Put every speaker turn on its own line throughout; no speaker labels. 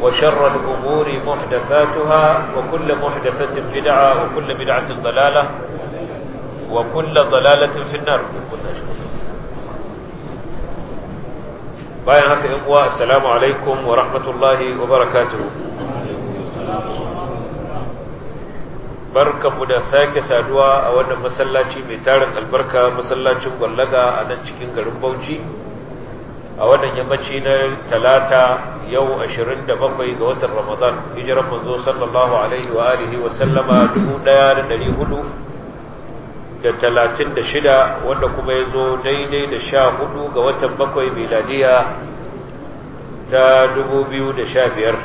وشر الأمور محدثاتها وكل محدثة بدعة وكل بدعة ضلالة وكل ضلالة في النار bayan haka uwa assalamu alaikum wa rahmatullahi wa barkanmu da sake saduwa a wannan masallaci mai tarin albarka masallacin gwallaga a nan cikin garin bauchi a wannan yammaci na talata yau 27 ga watan ramadan hijirar manzo sallallahu alaihi wa alihi wa sallama shida, wanda kuma ya zo daidai da 14 ga watan 7 miladiya ta da sha biyar.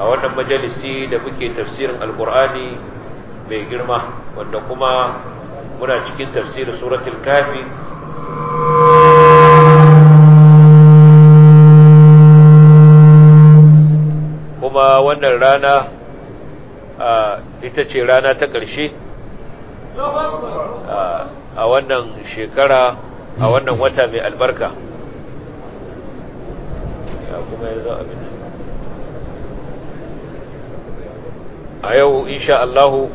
a wannan majalisi da muke tafsirin alkur'ani mai girma wanda kuma muna cikin tafsirin suratul kafi wannan rana ita ce rana ta ƙarshe a wannan shekara a wannan wata mai albarka a yau insha Allahu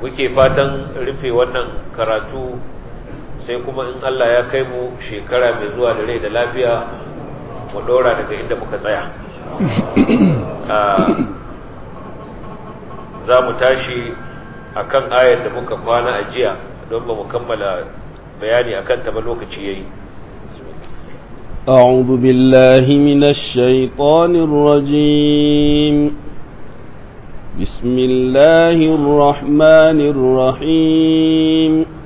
muke fatan rufe wannan karatu sai kuma in Allah ya kai mu shekara mai zuwa da rai da lafiya mu dora daga inda muka tsaya ah, za mu tashi a kan ayar da muka kwana a jiya don ba mu kammala bayani a ta ba lokaci yayi
أعوذ بالله من الشيطان الرجيم بسم الله الرحمن الرحيم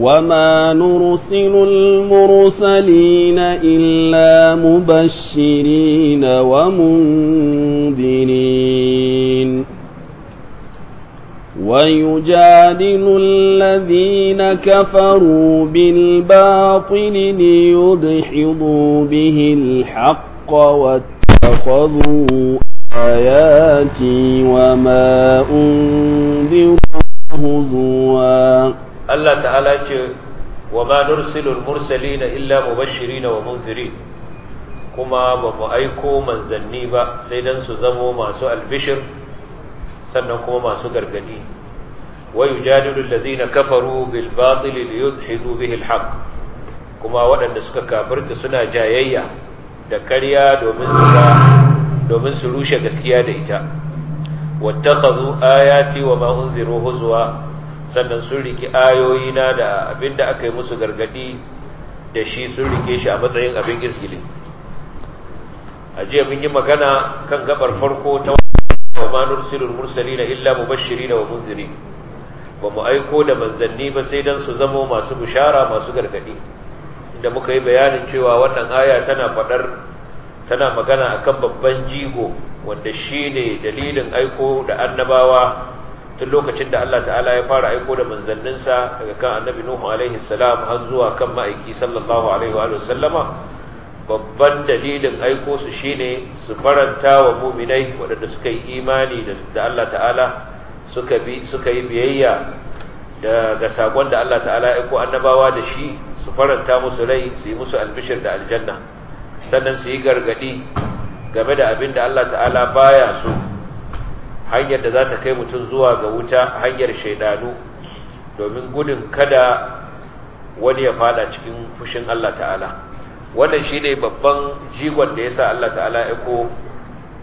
وما نرسل المرسلين إلا مبشرين ومنذرين ويجادل الذين كفروا بالباطل ليدحضوا به الحق واتخذوا آياتي وما أنذروا هزواً
Allah ta'ala ce wa ma nursilul mursalina illa mubashirin wa munzirin kuma ba mu aiko manzanni ba sai dan su zamo masu albishir sannan kuma masu gargadi wa yujadilul allazina kafaru bil batil liyudhidu bihi bihil haqq kuma waɗanda suka kafirta suna jayayya da ƙarya domin su domin su rushe gaskiya da ita wattakhadhu ayati wa ma unziru huzwa sannan sun riki ayoyina da abinda aka yi musu gargadi da shi sun rike shi a matsayin abin izgili a jiya mun yi magana kan gabar farko ta wa ma nursilul na illa da wa munziri ba mu aiko da manzanni ba sai don su zamo masu bishara masu gargadi da muka yi bayanin cewa wannan aya tana fadar tana magana akan babban jigo wanda shi ne dalilin aiko da annabawa tun lokacin da Allah ta'ala ya fara aiko da manzanninsa daga kan annabi Nuhu alaihi salam har zuwa kan ma'aiki sallallahu alaihi wa sallama babban dalilin aiko su shine su faranta wa muminai waɗanda suka yi imani da Allah ta'ala suka bi suka yi biyayya daga sakon da Allah ta'ala ya aiko annabawa da shi su faranta musu rai su yi musu albishir da aljanna sannan su yi gargadi game da abin da Allah ta'ala baya so hanyar da za ta kai mutum zuwa ga wuta hanyar shaidanu domin gudun kada wani ya fada cikin fushin Allah ta'ala wannan shi ne babban jigon da ya sa Allah ta'ala ya ko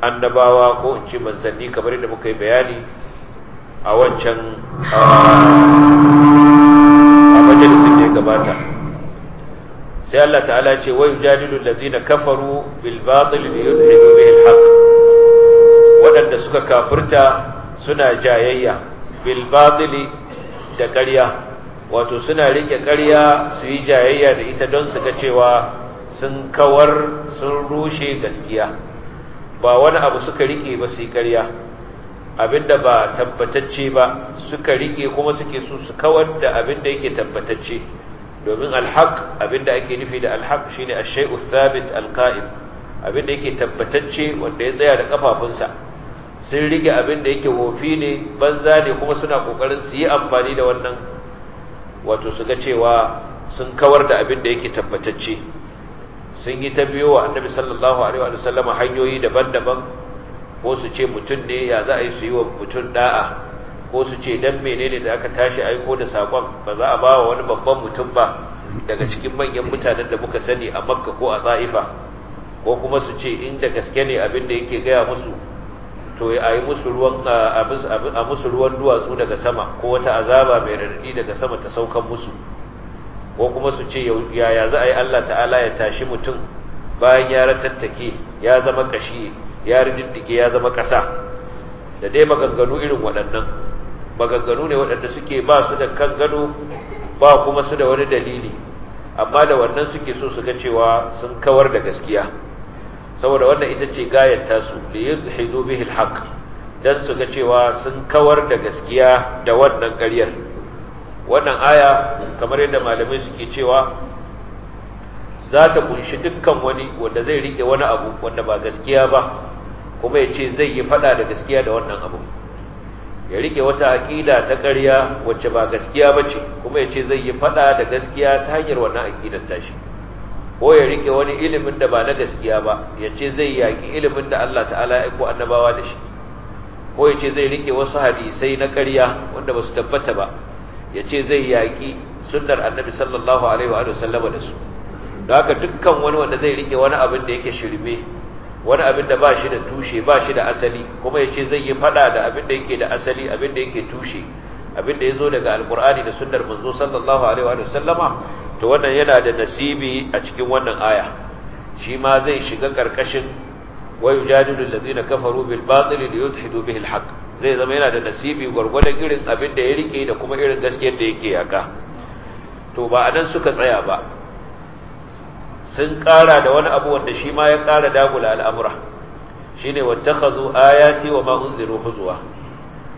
annabawa ko in ce manzanni kamar yadda muka yi bayani a wancan a majalisun da ya gabata sai Allah ta'ala ce wai jadilu lazina kafaru bil batil yudhibu bihi al haq waɗanda suka kafirta suna jayayya bil da ƙarya wato suna riƙe ƙarya su yi jayayya da ita don su ga cewa sun kawar sun rushe gaskiya ba wani abu suka rike ba su yi ƙarya abinda ba tabbatacce ba suka rike kuma suke su su kawar da abinda yake tabbatacce domin alhaq abinda ake nufi da alhaq shine ash-shay'u thabit al-qa'im abinda yake tabbatacce wanda ya tsaya da kafafunsa sun rike abin da yake wofi ne banza ne kuma suna kokarin su yi amfani da wannan wato su ga cewa sun kawar da abin da yake tabbatacce sun yi ta biyo wa annabi sallallahu alaihi wa sallam hanyoyi daban-daban ko su ce mutum ne ya za a yi su yi wa mutum da'a ko su ce dan menene da aka tashi aiko da sakon ba za a ba wa wani babban mutum ba daga cikin manyan mutanen da muka sani a makka ko a za'ifa ko kuma su ce inda gaske ne abin da yake gaya musu to a yi musu ruwan a musu ruwan duwatsu daga sama ko wata azaba mai radadi daga sama ta saukan musu ko kuma su ce yaya za a yi Allah ta'ala ya tashi mutum bayan ya ratattake ya zama kashi ya riddike ya zama kasa da dai maganganu irin waɗannan maganganu ne waɗanda suke ba su da kan gado ba kuma su da wani dalili amma da wannan suke so su ga cewa sun kawar da gaskiya saboda wannan ita ce gayar tasu da yin haido bihil haƙ don su ga cewa sun kawar da gaskiya da wannan ƙaryar wannan aya kamar yadda malamai suke cewa za ta kunshi dukkan wani wanda zai rike wani abu wanda ba gaskiya ba kuma ya ce zai yi faɗa da gaskiya da wannan abu ya rike wata aƙida ta ƙarya wacce ba gaskiya ba ce kuma ya ce zai yi faɗa da gaskiya ta hanyar wannan aƙidar tashi ko ya rike wani ilimin da ba na gaskiya ba ya ce zai yaki ilimin da Allah ta'ala ya ko annabawa da shi ko ya ce zai rike wasu hadisai na ƙarya wanda ba su tabbata ba ya ce zai yaki sunnar annabi sallallahu alaihi wa sallama da su don haka dukkan wani wanda zai rike wani abin da yake shirme wani abin da ba shi da tushe ba shi da asali kuma ya ce zai yi fada da abin da yake da asali abin da yake tushe abin da ya zo daga alkur'ani da sunnar manzo sallallahu alaihi wa sallama to wannan yana da nasibi a cikin wannan aya shi ma zai shiga karkashin wayu jadilu allazina kafaru bil batil li yudhidu bihi al haqq zai zama yana da nasibi gurgurdan irin abin da ya rike da kuma irin gaskiyar da yake yaka to ba nan suka tsaya ba sun ƙara da wani abu wanda shi ma ya ƙara dagula al'amura shi ne wata ka ayati wa ma'unziru huzuwa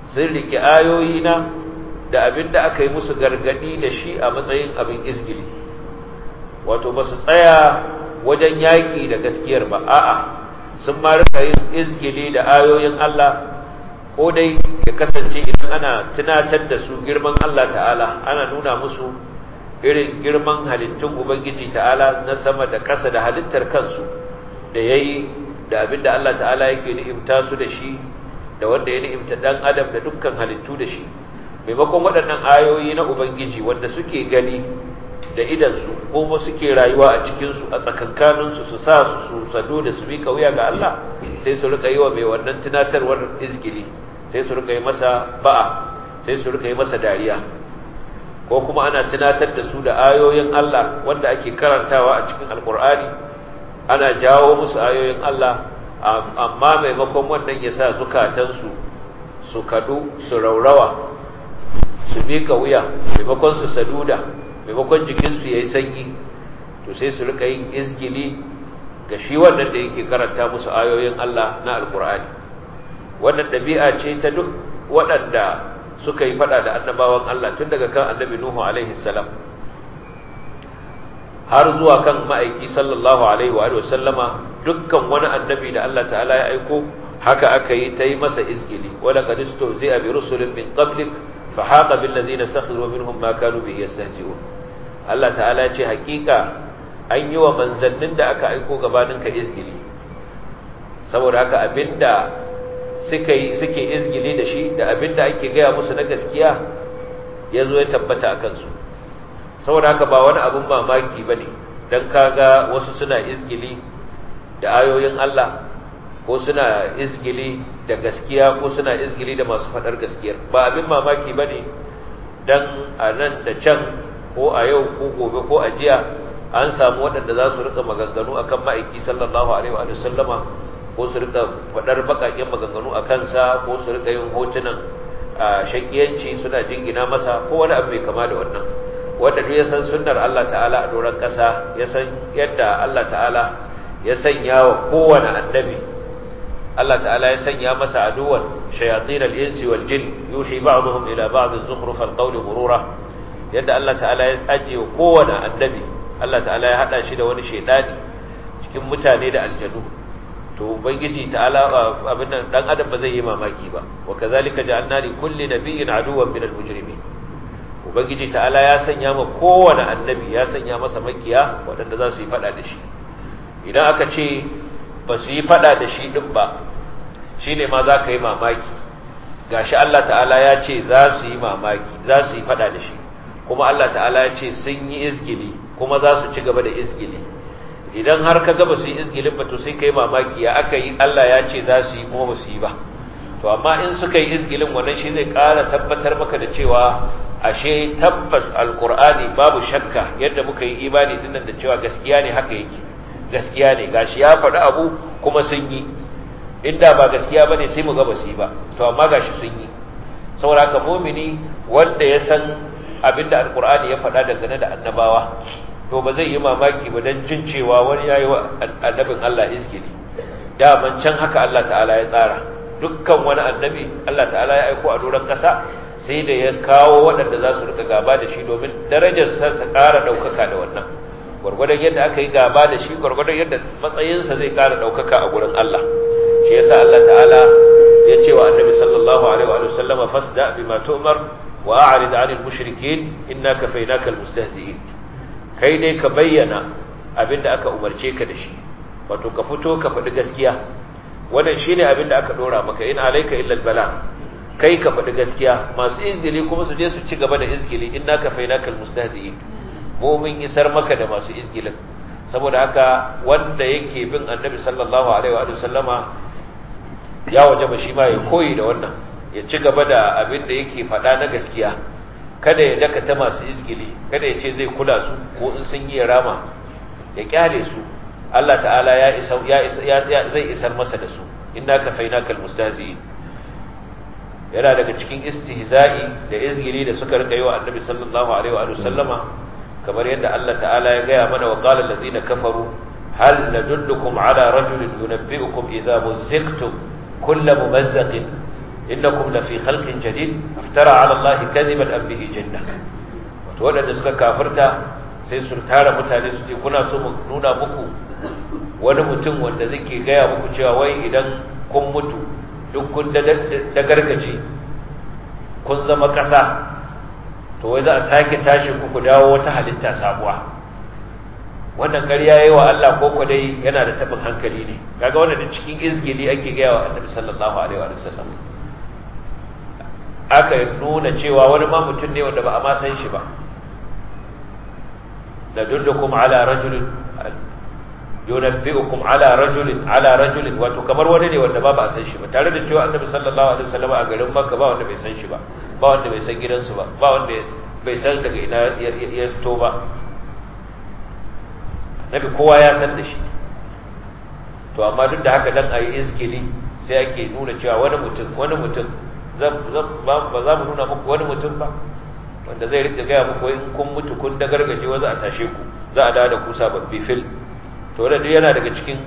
sun rike ayoyi na da abin da aka yi musu gargadi da shi a matsayin abin izgili wato ba su tsaya wajen yaƙi da gaskiyar ba a'a sun ma rika yin izgili da ayoyin Allah ko dai ya kasance idan ana tunatar da su girman Allah ta'ala ana nuna musu irin girman halittun Ubangiji ta'ala na sama da ƙasa da halittar kansu da ya yi da abin da Allah ta'ala yake ni'imta su da shi da wanda ya ni'imta ɗan adam da dukkan halittu da shi maimakon waɗannan ayoyi na ubangiji wanda suke gani da idansu kuma suke rayuwa a cikinsu a tsakankaninsu su sa su su sadu da su bi wuya ga Allah sai su rika yi wa mai wannan tunatarwar izgili sai su rika yi masa ba'a sai su rika yi masa dariya ko kuma ana tunatar da su da ayoyin Allah wanda ake karantawa a cikin alkur'ani ana jawo musu ayoyin Allah amma maimakon wannan ya sa zukatansu su kadu su raurawa su miƙa wuya maimakon su saduda maimakon jikinsu ya yi sanyi to sai su rika yin izgili ga shi wannan da yake karanta musu ayoyin Allah na alkur'ani wannan ɗabi'a ce ta duk waɗanda suka yi faɗa da annabawan Allah tun daga kan annabi Nuhu alaihi salam har zuwa kan ma'aiki sallallahu alaihi wa sallama dukkan wani annabi da Allah ta'ala ya aiko haka aka yi ta yi masa izgili wala zai a bi rusulin min qablik fa haqa bil ladina sakhiru minhum ma kanu bihi yastahzi'un Allah ta'ala ce hakika an yi wa manzannin da aka aiko gabanin ka izgili saboda haka abinda suka yi suke izgili da shi da abinda ake gaya musu na gaskiya yazo ya tabbata a kansu saboda haka ba wani abun mamaki bane dan kaga wasu suna izgili da ayoyin Allah ko suna izgili da gaskiya ko suna izgili da masu faɗar gaskiyar ba abin mamaki ba ne don a nan da can ko a yau ko gobe ko a jiya an samu waɗanda za su rika maganganu akan ma'aiki sallallahu alaihi wa sallama ko su rika faɗar baƙaƙen maganganu a kansa ko su rika yin hotunan a shakiyanci suna jingina masa ko wani abu mai kama da wannan wanda duk ya san sunnar Allah ta'ala a doron ƙasa ya san yadda Allah ta'ala ya sanya wa kowane annabi Allah ta'ala ya sanya masa aduwan shayatin al-insi wal jin yuhi ba'dhum ila ba'd zukhruf al ghurura yadda Allah ta'ala ya ajiye kowanne annabi Allah ta'ala ya hada shi da wani shaydani cikin mutane da aljanu to ubangiji ta'ala abin nan dan adam ba zai yi mamaki ba wa kazalika ja'alna li kulli nabiyyin aduwan min al-mujrimin ubangiji ta'ala ya sanya ma kowanne annabi ya sanya masa makiya waɗanda za su yi fada da shi idan aka ce ba su yi fada da shi din ba Shi ne ma za ka yi mamaki Ga shi Allah ta'ala ya ce za su yi mamaki za su yi fada da shi kuma Allah ta'ala ya ce sun yi izgili kuma za su ci gaba da izgili idan har ka zaba su yi izgilin ba to sai ka yi mamaki ya aka yi Allah ya ce za su yi kuma ba su yi ba to amma in suka yi izgilin wannan shi zai ƙara tabbatar maka da cewa ashe tabbas alkur'ani babu shakka yadda muka yi imani dinnan da cewa gaskiya ne haka yake gaskiya ne gashi ya faɗi abu kuma sun yi inda ba gaskiya bane sai mu ga basi ba to amma gashi sun yi saboda kamomini mumini wanda ya san abinda alqur'ani ya faɗa dangane da annabawa to ba zai yi mamaki ba dan jin cewa wani yayi wa annabin Allah Da daman can haka Allah ta'ala ya tsara dukkan wani annabi Allah ta'ala ya aiko a doran kasa sai da ya kawo waɗanda za su rika gaba da shi domin darajarsa ta ƙara ɗaukaka da wannan gwargwadon yadda aka yi gaba da shi gwargwadon yadda matsayinsa zai ƙara ɗaukaka a gurin Allah shi yasa Allah ta'ala ya ce wa annabi sallallahu alaihi wa sallama fasda bima tu'mar wa a'rid 'anil mushrikeen innaka faynaka almustahzi'in kai dai ka bayyana abinda aka umarce ka da shi wato ka fito ka faɗi gaskiya wannan shine abinda aka dora maka in alayka illa bala kai ka faɗi gaskiya masu izgili kuma su je su ci gaba da izgili innaka fainaka almustahzi'in mumin isar maka da masu izgilin saboda haka wanda yake bin annabi sallallahu alaihi wa sallama ya waje ba shi ma ya koyi da wannan ya ci gaba da abin da yake faɗa na gaskiya kada ya dakata masu izgili kada ya ce zai kula su ko in sun yi rama ya kyale su Allah ta'ala ya isa ya zai isar masa da su inna kafainakal mustahzi'in yana daga cikin istihza'i da izgili da suka rika yi wa annabi sallallahu alaihi wa sallama kamar yadda Allah ta'ala ya gaya mana wa qala allazina kafaru hal nadullukum ala rajulin yunabbi'ukum idza muzziqtum كل ممزق إنكم لفي خلق جديد افترى على الله كذبا أم به جنة وتولى نسك كافرتا سيسلتار متاني ستي كنا سوم نونا مكو wani mutum wanda zai gaya muku cewa wai idan kun mutu duk kun da gargaje kun zama ƙasa to wai za a sake tashi ku dawo wata halitta sabuwa wannan ƙarya yayi wa Allah ko ko dai yana da tabin hankali ne kaga wannan da cikin izgili ake gaya wa Annabi sallallahu alaihi wa sallam aka nuna cewa wani ma mutum ne wanda ba a ma san shi ba da dullukum ala rajulin yunabbi'ukum ala rajulin ala rajulin wato kamar wani ne wanda ba ba san shi ba tare da cewa annabi sallallahu alaihi wasallam a garin makka ba wanda bai san shi ba ba wanda bai san gidansu ba ba wanda bai san daga ina ya fito ba nabi kowa ya san da shi to amma duk da haka dan ayi izgili sai ake nuna cewa wani mutum wani mutum ba za mu nuna muku wani mutum ba wanda zai rika gaya muku in kun mutu kun da gargaje wa za a tashe ku za a dawo da ku sababbi fil to da duk yana daga cikin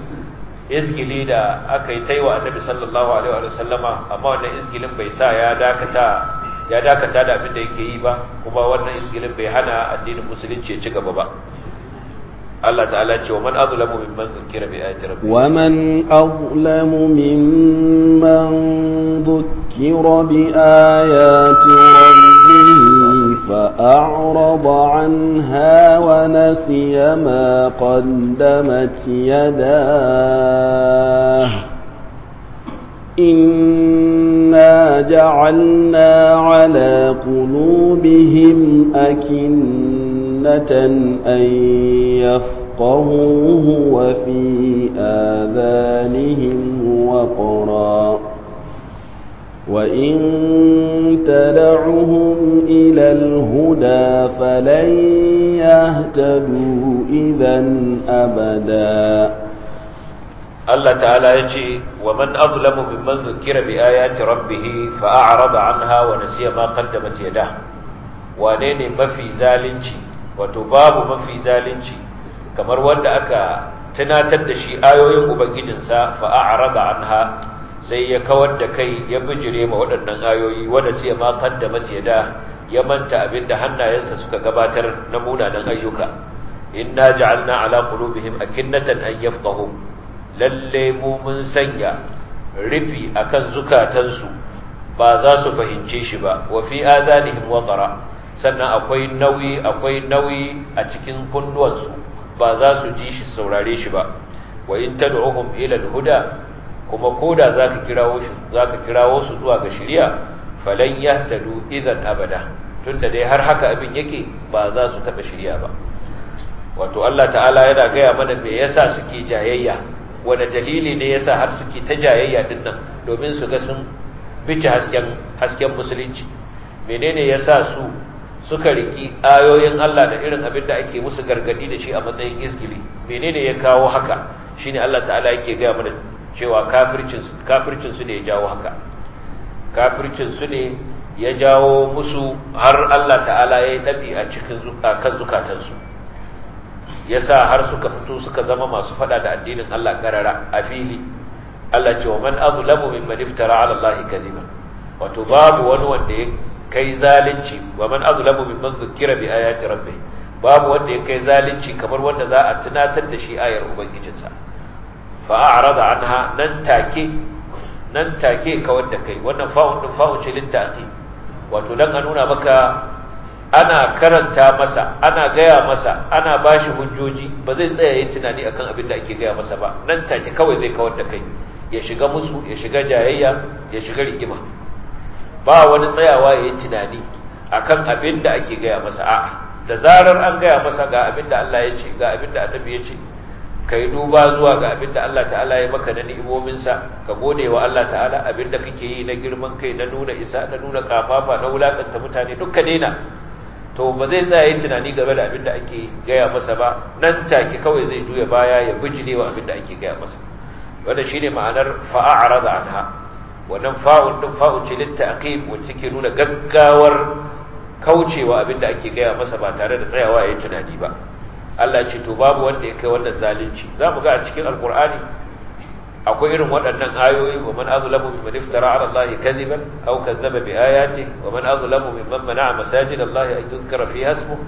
izgili da aka yi taiwa annabi sallallahu alaihi wa sallama amma wannan izgilin bai sa ya dakata ya dakata da abin da yake yi ba kuma wannan izgilin bai hana addinin musulunci ya ci gaba ba Allah ta'ala ce wa man azlamu mimman zukira bi ayati rabbih wa
man azlamu mimman zukira bi ayati rabbih fa a'rada 'anha wa nasiya ma qaddamat يداه إنا جعلنا على قلوبهم أكنة فتنة أن يفقهوه وفي آذانهم وقرا وإن تدعهم إلى الهدى فلن يهتدوا إذا أبدا
الله تعالى يجي ومن أظلم ممن ذكر بآيات ربه فأعرض عنها ونسي ما قدمت يداه wane ne mafi zalunci wato babu mafi zalunci kamar wanda aka tunatar da shi ayoyin ubangijinsa fa a'rada anha sai ya kawar da kai ya bijire ma waɗannan ayoyi wanda sai ya ma qaddamat yada ya manta abinda hannayensa suka gabatar na munanan ayyuka inna ja'alna ala qulubihim akinnatan an yafqahu lalle mu mun sanya rufi akan zukatansu ba za su fahimce shi ba wa fi adanihim waqara sannan akwai nauyi akwai nauyi a cikin kunduwansu ba za su ji shi saurare shi ba wa in tad'uhum ila al-huda kuma koda zaka kirawo shi zaka kirawo su zuwa ga shari'a falan yahtadu idan abada tunda dai har haka abin yake ba za su taba shari'a ba wato Allah ta'ala yana gaya mana me yasa suke jayayya wani dalili ne yasa har suke ta jayayya dinnan domin su ga sun bice hasken hasken musulunci menene yasa su suka riki ayoyin Allah da irin abin da ake musu gargadi da shi a matsayin izgili menene ya kawo haka shine Allah ta'ala yake ga mana cewa kafircin kafircin su ne ya jawo haka kafircin su ne ya jawo musu har Allah ta'ala ya dabi a cikin zukakan zukatansu yasa har suka fito suka zama masu fada da addinin Allah karara a fili Allah ce wa man azlamu mimman iftara ala Allah kadhiba wato babu wani wanda ya kai zalunci wa man azlamu mimman zukira bi ayati rabbi. babu wanda ya kai zalunci kamar wanda za a tunatar da shi ayar ubangijinsa fa a'rada anha nan take nan take ka wanda kai wannan fa'un din fa'u ce littaqi wato dan a nuna maka ana karanta masa ana gaya masa ana bashi hujjoji ba zai tsaya yin tunani akan abin da ake gaya masa ba nan take kawai zai kawar da kai ya shiga musu ya shiga jayayya ya shiga rigima ba wani tsayawa ya yi tunani a kan abin da ake gaya masa a da zarar an gaya masa ga abin da Allah ya ce ga abin da annabi ya ce kai duba zuwa ga abin da Allah ta'ala ya maka na ni'imominsa ka gode wa Allah ta'ala abin da kake yi na girman kai na nuna isa na nuna kafafa na wulakanta mutane duka nena to ba zai tsaya yin tunani game da abin da ake gaya masa ba nan take kawai zai juya baya ya bijile wa abin da ake gaya masa wanda shine ma'anar fa'arada anha wannan fa'un din fa'un ce littaqib wacce ke nuna gaggawar kaucewa abinda ake gaya masa ba tare da tsayawa yi tunani ba Allah ce to babu wanda ya kai wannan zalunci za mu ga a cikin alkur'ani akwai irin waɗannan ayoyi wa man azlamu mimman iftara ala Allah kadhiban aw kazzaba bi ayati wa man azlamu mimman mana'a masajid Allah an yuzkara fi hasbu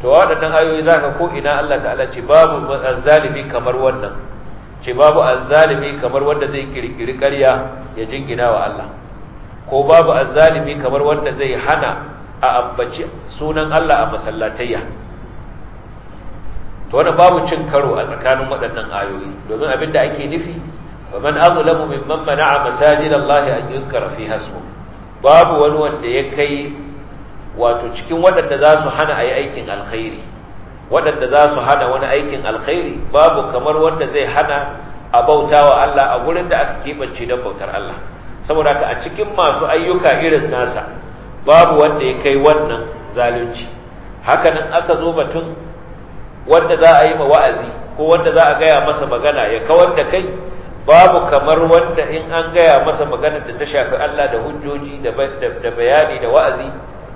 to waɗannan ayoyi zaka ko ina Allah ta'ala ce babu zalimi kamar wannan ce babu azzalimi kamar wanda zai kirkiri ƙarya ya jingina wa Allah ko babu azzalimi kamar wanda zai hana a ambaci sunan Allah a masallatayya to wannan babu cin karo a tsakanin waɗannan ayoyi domin abin da ake nufi man azlamu mimman mana'a masajidallahi an yuzkara fiha ismu babu wani wanda ya kai wato cikin waɗanda za su hana a yi aikin alkhairi waɗanda za su hana wani aikin alkhairi babu kamar wanda zai hana a bauta wa Allah a gurin da aka kibance don bautar Allah saboda ka a cikin masu ayyuka irin nasa babu wanda ya kai wannan zalunci Haka nan aka zo batun wanda za a yi ma wa'azi ko wanda za a gaya masa magana ya kawar da kai babu kamar wanda in an gaya masa magana da ta shafi Allah da hujjoji da bayani da wa'azi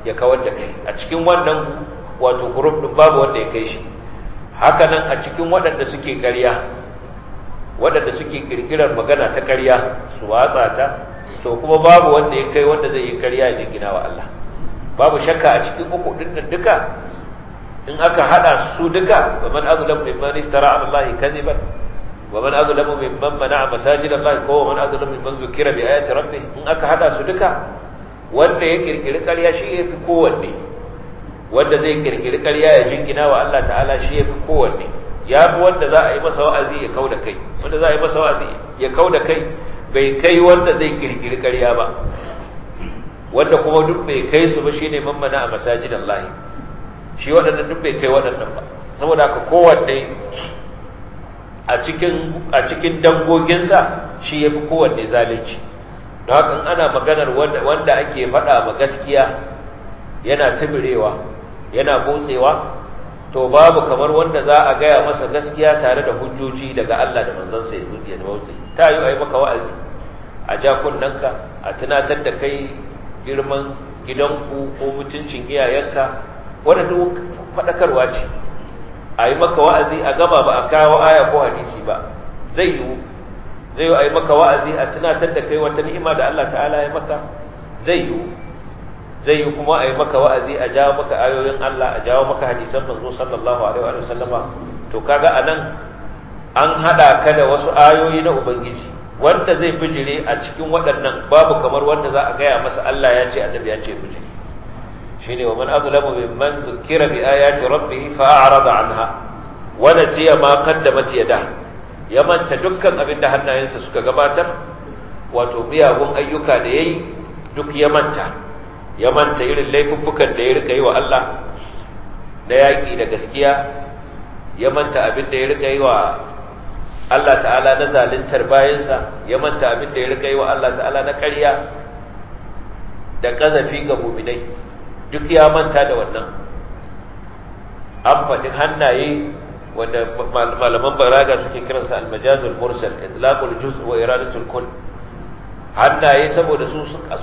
ya kawar da kai a cikin wannan wato group din babu wanda ya kai shi haka nan a cikin waɗanda suke ƙarya waɗanda suke kirkirar magana ta ƙarya su watsa ta to kuma babu wanda ya kai wanda zai yi ƙarya ya jingina wa Allah babu shakka a cikin uku dinnan duka in aka hada su duka wa man azlamu mimman iftara ala Allah kadhiban wa man azlamu mimman mana'a masajid Allah ko wa man azlamu mimman zukira bi ayati rabbih in aka hada su duka wanda ya kirkiri ƙarya shi yafi kowanne wanda zai kirkiri ƙarya ya jingina wa Allah ta'ala shi yafi kowanne ya fi wanda za a yi masa wa'azi ya kauda kai wanda za a yi masa wa'azi ya kauda kai bai kai wanda zai kirkiri ƙarya ba wanda kuma duk bai kai su ba shine mammana a masajid Allah shi waɗannan duk bai kai waɗannan ba saboda haka kowanne a cikin a cikin dangoginsa shi yafi kowanne zalunci don haka ana maganar wanda ake faɗa ba gaskiya yana tubirewa yana kotsewa to babu kamar wanda za a gaya masa gaskiya tare da hujjoji daga Allah da manzansa ya zuciya da motsi ta yi ai maka wa'azi a ja ka a tunatar da kai girman gidanku ko mutuncin iyayenka wanda duk faɗakarwa ce a yi maka wa'azi a gama ba a kawo aya ko hadisi ba zai yiwu zai yi a maka wa'azi a tunatar da kai wata ni'ima da Allah ta'ala ya maka zai yiwu zai yi kuma a yi maka wa'azi a jawo maka ayoyin Allah a jawo maka hadisan manzo sallallahu alaihi wa sallama to kaga anan an haɗa ka da wasu ayoyi na ubangiji wanda zai bijire a cikin waɗannan babu kamar wanda za a gaya masa Allah ya ce annabi ya ce bijire shine wa man azlamu mimman zukira bi ayati rabbih fa a'rada anha wa nasiya ma qaddamat yadah ya manta dukkan abin da hannayensa suka gabatar wato miyagun ayyuka da yayi duk ya manta ya manta irin laifuffukan da ya rika yi wa Allah na yaƙi da gaskiya ya manta abin da ya rika yi wa Allah ta'ala na zalintar bayansa ya manta abin da ya rika yi wa Allah ta'ala na ƙarya da ƙazafi ga muminai duk ya manta da wannan an faɗi hannaye wanda malaman baraga suke kiransa almajazul mursal itlaqul juz wa iradatul kull hannaye saboda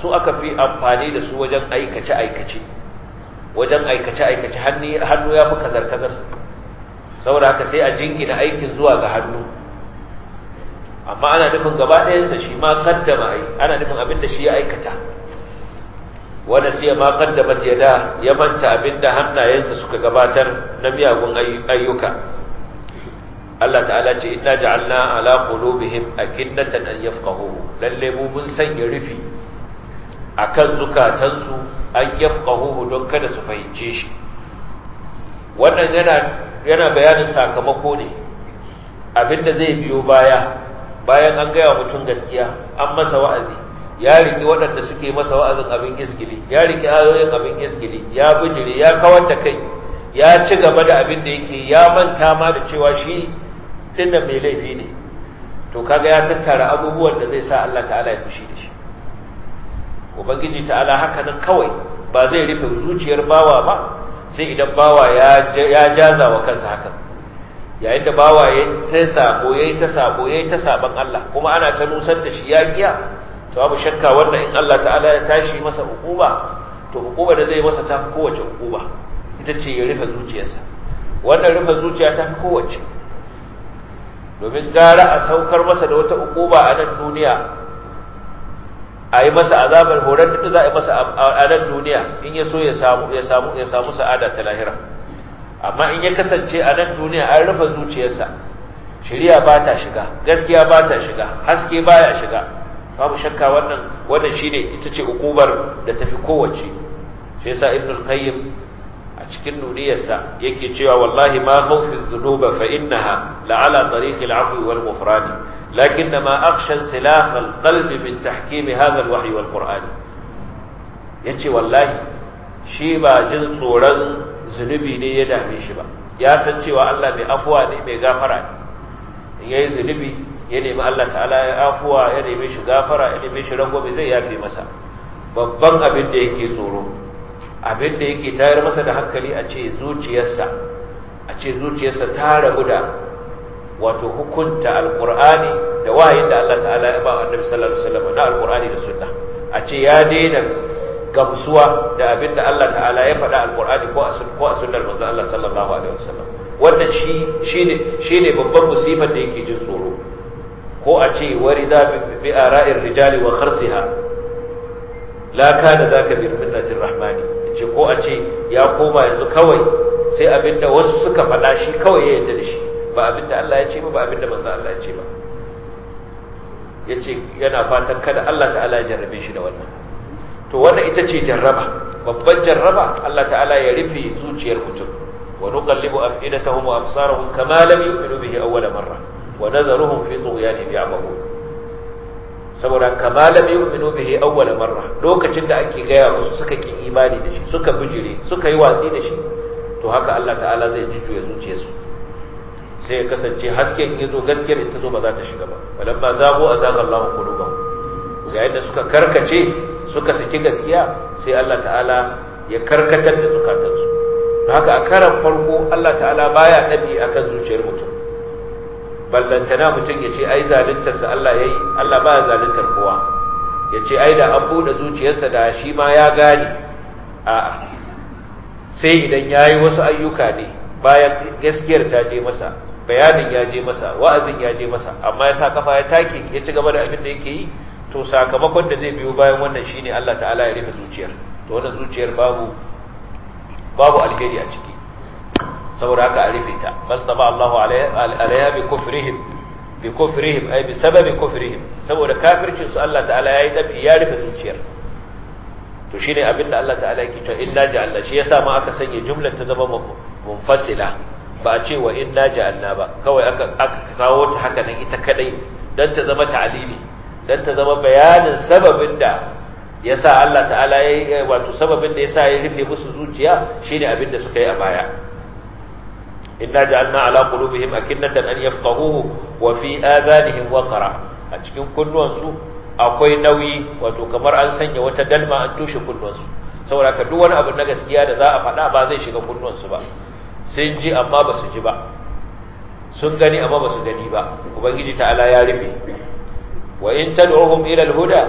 su aka fi amfani da su wajen aikace-aikace wajen aikace-aikace hannu ya fi kazar-kazar saboda haka sai a jingina aikin zuwa ga hannu amma ana nufin gaba ɗayansa shi ma kaddama ai ana nufin abin da shi ya aikata wanda sai ma kaddama ce da ya manta abin da hannayensa suka gabatar na miyagun ayyuka Allah ta'ala ce inna ja'alna ala qulubihim akinnatan an yafqahu lalle mu mun sanya rufi akan zukatansu an yafqahu don kada su fahimce shi wannan yana yana bayanin sakamako ne abinda zai biyo baya bayan an gaya mutum gaskiya an masa wa'azi ya riki waɗanda suke masa wa'azin abin isgili ya riki ayoyin abin isgili ya bijire ya kawar da kai ya ci gaba da abin da yake ya manta ma da cewa shi dinnan mai laifi ne to kaga ya tattara abubuwan da zai sa Allah ta'ala ya fushi da shi ubangiji ta'ala haka nan kawai ba zai rufe zuciyar bawa ba sai idan bawa ya jaza wa kansa haka yayin da bawa ya ta sabo yayi ta sabo yayi ta saban Allah kuma ana ta nusar da shi ya kiya to abu shakka wanda in Allah ta'ala ya tashi masa hukuma to hukuma da zai masa fi kowace hukuma ita ce ya rufe zuciyarsa wannan rufe zuciya fi kowace domin gara a saukar masa da wata ukuba a nan duniya a yi masa azabar horar da za a yi masa a nan duniya in ya so ya samu ya samu sa'ada ta lahira amma in ya kasance a nan duniya an rufe zuciyarsa shirya ba ta shiga gaskiya ba ta shiga haske ba ya shiga babu shakka wannan wannan shine ita ce ukubar da tafi kowace shi yasa ibnul qayyim a cikin nuniyarsa yake cewa wallahi ma khawfi dhunuba fa innaha la ala tariqi wal lakin ma akhsha silaf al-qalbi min tahkim hadha al-wahy wal qur'an yace wallahi shi ba jin tsoron zunubi ne ya dame shi ba ya san cewa Allah mai afuwa ne mai gafara ne yayi zunubi ya nemi Allah ta'ala ya afuwa ya nemi shi gafara ya nemi shi rangwame zai yafe masa babban abin da yake tsoro abin da yake tayar masa da hankali a ce zuciyarsa a ce zuciyarsa ta rabu da wato hukunta alqur'ani da wahayin da Allah ta'ala ya ba annabi sallallahu alaihi wasallam na alqur'ani da sunna a ce ya daina gamsuwa da abin da Allah ta'ala ya faɗa alqur'ani ko a ko a sunnar manzon Allah sallallahu alaihi wasallam wannan shi shine shine babban musibar da yake jin tsoro ko a ce warida bi ara'ir rijali wa kharsiha la kana zaka bi rahmatir rahmani ce ko a ce ya koma yanzu kawai sai abinda wasu suka faɗa shi kawai ya yarda da shi ba abinda Allah ya ce ba ba abinda manzo Allah ya ce ba yace yana fatan kada Allah ta'ala ya jarrabe shi da wannan to wannan ita ce jarraba babban jarraba Allah ta'ala ya rufe zuciyar mutum wa nuqallibu af'idatahum wa absarahum kama lam yu'minu bihi awwala marra wa nazaruhum fi tughyanihim ya'mahun saboda kama lam yu'minu bihi awwal marra lokacin da ake gaya musu suka ki imani da shi suka bijire suka yi watsi da shi to haka Allah ta'ala zai jujjuya zuciyarsu sai ya kasance hasken yazo gaskiyar in ta zo ba za ta shiga ba walamma zago azaga Allahu qulubahum yayin da suka karkace suka saki gaskiya sai Allah ta'ala ya karkatar da zukatansu haka a karan farko Allah ta'ala baya dabi akan zuciyar mutum ballantana mutum ya ce ai zaluntarsa Allah ya Allah ba zaluntar kowa ya ce ai da an buɗe zuciyarsa da shi ma ya gane a sai idan ya yi wasu ayyuka ne bayan gaskiyar ta je masa bayanin ya je masa wa'azin ya je masa amma ya sa kafa ya take ya ci gaba da abin da yake yi to sakamakon da zai biyo bayan wannan shine Allah ta'ala ya rufe zuciyar to wannan zuciyar babu babu alheri a ciki saboda haka a rufe ta bal taba Allahu alaiha bi kufrihim bi kufrihim ay bi sababi kufrihim saboda kafircin su Allah ta'ala ya yi dabi ya rufe zuciyar to shine abinda Allah ta'ala yake cewa inna ja'alna shi yasa ma aka sanya jumlar ta zama munfasila ba a ce wa inna ja'alna ba kawai aka aka kawo ta haka nan ita kadai dan ta zama ta'lili dan ta zama bayanin sababin da yasa Allah ta'ala yayi eh, wato sababin da yasa ya rufe musu zuciya shine abinda suka yi a baya inna ja'alna ala qulubihim akinnatan an yafqahuhu wa fi adhanihim waqra a cikin kunnuwansu akwai nauyi wato kamar an sanya wata dalma an tushe kunnuwansu saboda ka duk wani abu na gaskiya da za a faɗa ba zai shiga kunnuwansu ba sun ji amma ba su ji ba sun gani amma ba su gani ba ubangiji ta'ala ya rufe wa in tad'uhum ila al-huda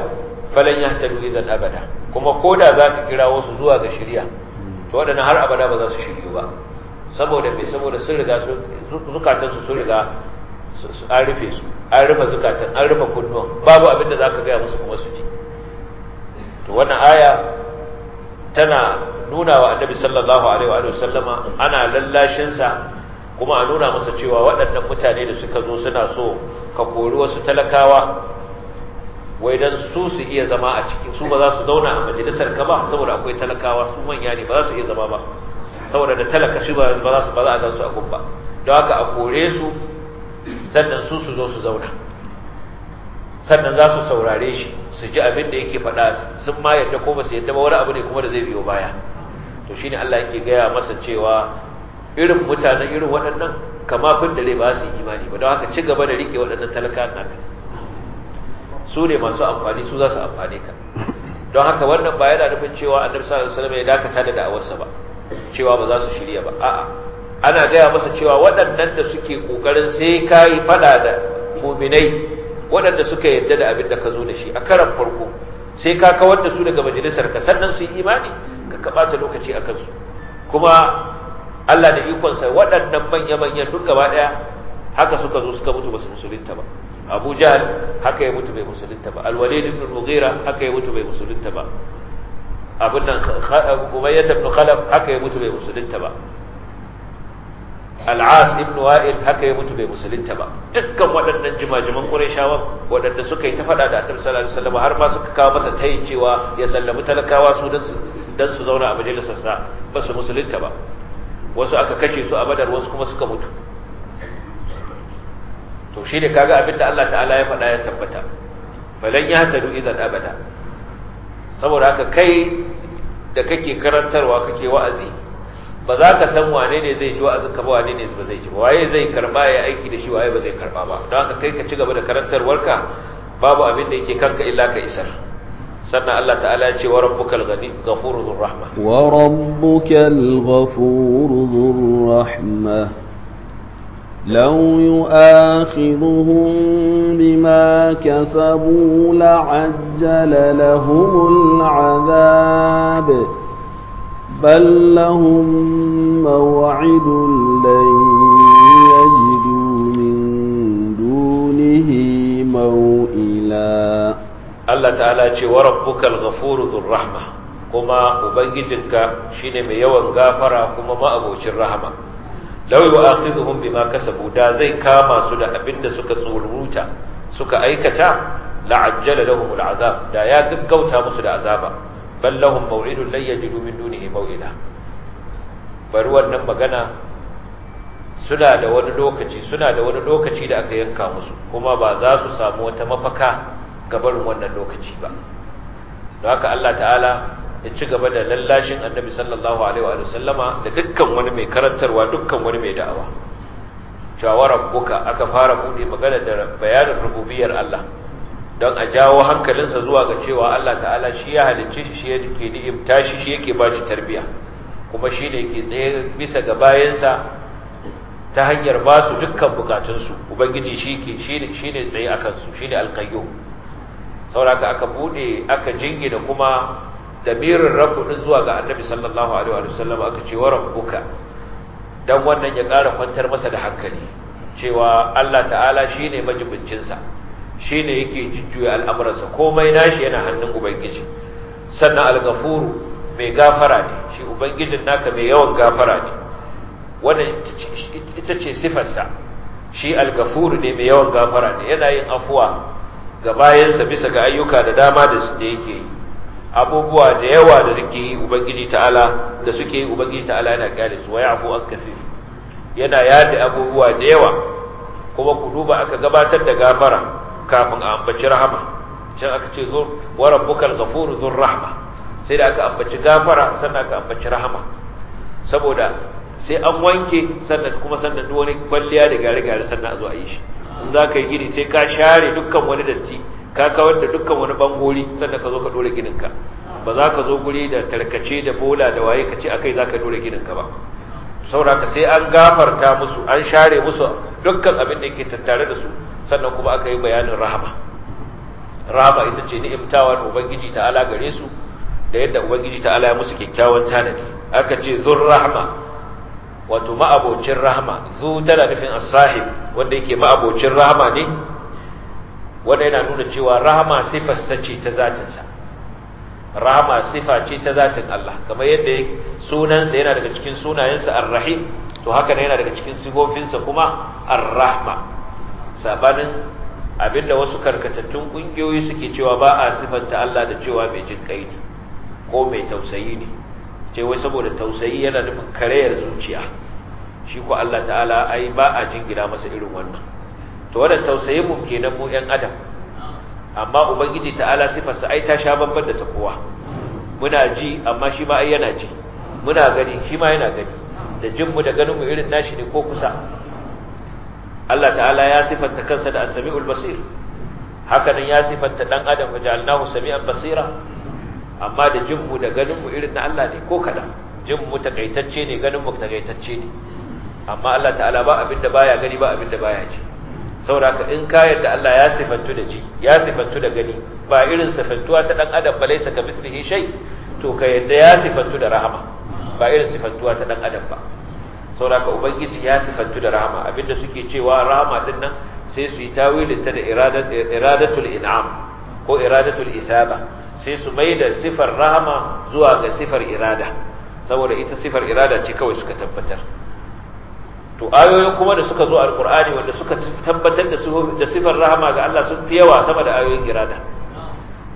falan yahtadu idan abada kuma koda zaka kirawo su zuwa ga shari'a to wadannan har abada ba za su shiryu ba saboda mai saboda sun riga zukatansu sun riga an rufe su an rufe zukatan an rufe kunnuwan babu abin da za ka gaya musu kuma su ji to wannan aya tana nuna wa annabi sallallahu alaihi wa sallama ana lallashinsa kuma a nuna masa cewa waɗannan mutane da suka zo suna so ka kori wasu talakawa wai dan su su iya zama a cikin su ba za su zauna a majalisar ka ba saboda akwai talakawa su manya ne ba za su iya zama ba saboda da talaka shi ba za su ba za a gansu a gumba don haka a kore su sannan su su zo su zauna sannan za su saurare shi su ji abin da yake faɗa sun ma yadda ko ba su yadda ba wani abu ne kuma da zai biyo baya to shine Allah yake gaya masa cewa irin mutanen irin waɗannan kamafin da ba su imani ba don haka ci gaba da rike waɗannan talaka ka. su ne masu amfani su za su amfane ka don haka wannan ba yana nufin cewa annabi sallallahu alaihi wasallam ya dakata da da'awarsa ba cewa ba za su shirya ba a'a ana gaya masa cewa waɗannan da suke ƙoƙarin sai ka yi faɗa da muminai waɗanda suka yarda da abin da ka zo da shi a karan farko sai ka kawar da su daga majalisar ka sannan su yi imani ka ta lokaci a kansu kuma Allah da ikonsa waɗannan manya-manyan duk gaba ɗaya haka suka zo suka mutu ba su musulunta ba Abu Jahl haka ya mutu bai musulunta ba Al-Walid ibn Mughira haka ya mutu bai musulunta ba abin nan umayyah ibn khalaf haka ya mutu bai musulunta ba al'as ibn wa'il haka ya mutu bai musulunta ba dukkan waɗannan jimajiman qurayshawa waɗanda suka yi ta faɗa da annabi sallallahu alaihi wasallam har ma suka kawo masa tayin cewa ya sallami talakawa su dan su dan su zauna a majalisar sa ba su musulunta ba wasu aka kashe su a badar wasu kuma suka mutu to shi ne kaga abinda Allah ta'ala ya faɗa ya tabbata balan ya tadu idan abada saboda haka kai da kake karantarwa kake wa'azi ba za ka san wane ne zai ji wa'azi ka ba wane ne ba zai ji waye zai karba ya aiki da shi waye ba zai karba ba don haka kai ka ci gaba da karantarwarka babu abin da yake kanka illa ka isar sannan Allah ta'ala ya ce wa rabbukal ghafurur rahma
wa rabbukal ghafurur rahma لو يؤاخذهم بما كسبوا لعجل لهم العذاب بل لهم موعد لن يجدوا من دونه موئلا
الله تعالى وربك الغفور ذو الرحمة كما أبنجتك شين ميوان غافرة كما ما أبوش الرحمة law yu'akhidhuhum bima kasabu da zai kama su da abinda suka tsururuta suka aikata la'ajjala lahum al'azab da ya gaggauta musu da azaba bal lahum maw'idun lan yajidu min dunihi maw'ila bari wannan magana suna da wani lokaci suna da wani lokaci da aka yanka musu kuma ba za su samu wata mafaka ga barin wannan lokaci ba don haka Allah ta'ala ya ci gaba da lallashin annabi sallallahu alaihi wa sallama da dukkan wani mai karantarwa dukkan wani mai da'awa cewa rabbuka aka fara buɗe magana da bayanin rububiyar Allah don a jawo hankalinsa zuwa ga cewa Allah ta'ala shi ya halicce shi shi yake ni'imta shi shi yake ba shi tarbiya kuma shi ne yake tsaye bisa ga bayansa ta hanyar ba su dukkan bukatunsu ubangiji shi ne tsaye a kansu shi ne alkayo sauraka aka buɗe aka jingina kuma damirin rabbu din zuwa ga annabi sallallahu alaihi wa sallam aka ce rabbuka dan wannan ya ƙara kwantar masa da hankali cewa Allah ta'ala shine majibincinsa sa shine yake jujjuya al'amuransa komai nashi yana hannun ubangiji sannan al-ghafuru mai gafara ne shi ubangijin naka mai yawan gafara ne wannan ita ce sifarsa shi al-ghafuru ne mai yawan gafara ne yana yin afuwa ga bayansa bisa ga ayyuka da dama da yake yi abubuwa da yawa da suke yi ubangiji ta'ala da suke yi ubangiji ta'ala yana kare su wa ya'fu an kasir yana yada abubuwa da yawa kuma ku duba aka gabatar da gafara kafin a ambaci rahama shin aka ce zur wa rabbukal ghafur zur rahma sai da aka ambaci gafara sannan aka ambaci rahama saboda sai an wanke sannan kuma sannan duk wani kwalliya da gare-gare sannan a zo a yi shi in za ka yi gini sai ka share dukkan wani datti ka kawar da dukkan wani bangori sannan ka zo ka dora gininka ba za ka zo guri da tarkace da bola da waye ka ce a kai za ka ginin ka ba ka sai an gafarta musu an share musu dukkan abin da ke tattare da su sannan kuma aka yi bayanin rahama rahama ita ce ni'imtawan ubangiji ta ala gare su da yadda ubangiji ta ala ya musu kyakkyawan tanadi aka ce zur rahama wato ma'abocin rahama zu tana nufin as-sahib wanda yake ma'abocin rahama ne wanda yana nuna cewa rahama sifarsa ce ta zatinsa rahama sifa ce ta zatin Allah kamar yadda sunansa yana daga cikin sunayensa ar to haka ne yana daga cikin sigofinsa kuma ar sabanin abinda wasu karkatattun kungiyoyi suke cewa ba a sifanta Allah da cewa mai jin kai ne ko mai tausayi ne ce wai saboda tausayi yana nufin kareyar zuciya shi ko Allah ta'ala ai ba a jingira masa irin wannan to wannan tausayin mu kenan mu ƴan adam amma ubangiji ta'ala sifarsa ai ta sha bamban da ta kowa muna ji amma shi ma ai yana ji muna gani shi ma yana gani da jin mu da ganin mu irin nashi ne ko kusa Allah ta'ala ya sifanta kansa da as-sami'ul basir nan ya sifanta dan adam ja'alnahu sami'an basira amma da jin mu da ganin mu irin na Allah ne ko kada mu takaitacce ne ganin mu takaitacce ne amma Allah ta'ala ba abinda baya gani ba abinda baya ji Sauraka in ka yarda Allah ya sifantu da ji ya sifantu da gani ba irin sifantuwa ta dan adam ba laisa ka mithlihi shay to ka yarda ya sifantu da rahama ba irin sifantuwa ta dan adam ba Sauraka ubangiji ya sifantu da rahama abinda suke cewa rahama din nan sai su yi tawilin ta da iradatul in'am ko iradatul isaba sai su maida sifar rahama zuwa ga sifar irada saboda ita sifar irada ce kawai suka tabbatar to ayoyin kuma da suka zo alkur'ani wanda suka tabbatar da sifar rahama ga Allah sun fi yawa sama da ayoyin irada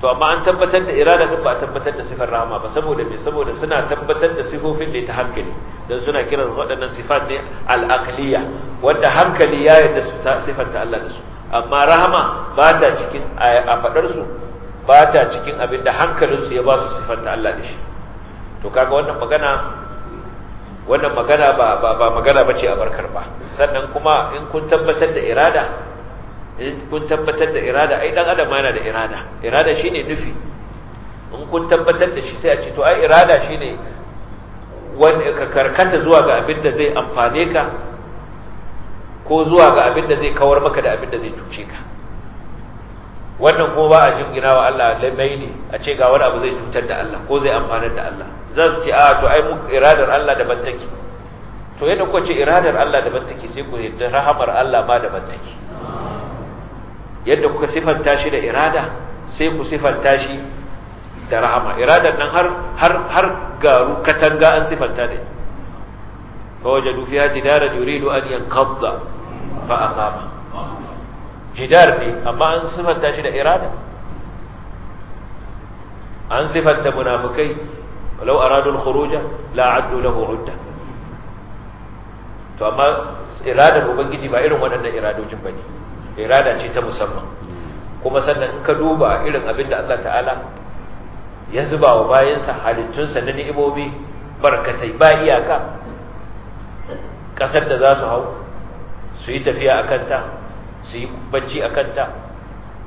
to amma an tabbatar da irada din ba a tabbatar da sifar rahama ba saboda me saboda suna tabbatar da sifofin da ta hankali dan suna kiran waɗannan sifat ne al-aqliya wanda hankali ya yarda su sifar ta Allah da su amma rahama ba ta cikin a fadar su ba ta cikin abinda hankalin su ya ba su sifar ta Allah da shi to kaga wannan magana wannan magana ba ba, ba magana bace a barkar ba sannan kuma in kun tabbatar da irada in kun tabbatar da irada ai dan adam yana da irada irada shine nufi in kun tabbatar da shi sai a ce to ai irada shine wanda ka karkata zuwa ga abin da zai amfane ka ko zuwa ga abin da zai kawar maka da abin da zai cuce ka wannan ko ba a jingina wa Allah lamai ne a ce ga wani abu zai cutar da Allah ko zai amfanar da Allah zan su ce a ah, to ai mu iradar Allah daban take to yadda kuka ce iradar Allah daban take sai ku yadda rahamar Allah ma daban take yadda kuka sifanta shi da irada sai ku sifanta shi da rahama iradar nan har garu katanga an sifanta da ita fa wajadu fiha jidaran yuridu an yanqadda fa aqama jidar ne amma an sifanta shi da irada an sifanta munafikai walau aradul khuruja la addu lahu udda to amma iradar ubangiji ba irin waɗannan iradojin ba ne. irada ce ta musamman kuma sannan ka duba irin abin da Allah ta'ala ya zuba wa bayansa halittunsa na ni'imomi barkatai ba iyaka ƙasar da za su hau su yi tafiya a kanta su yi bacci a kanta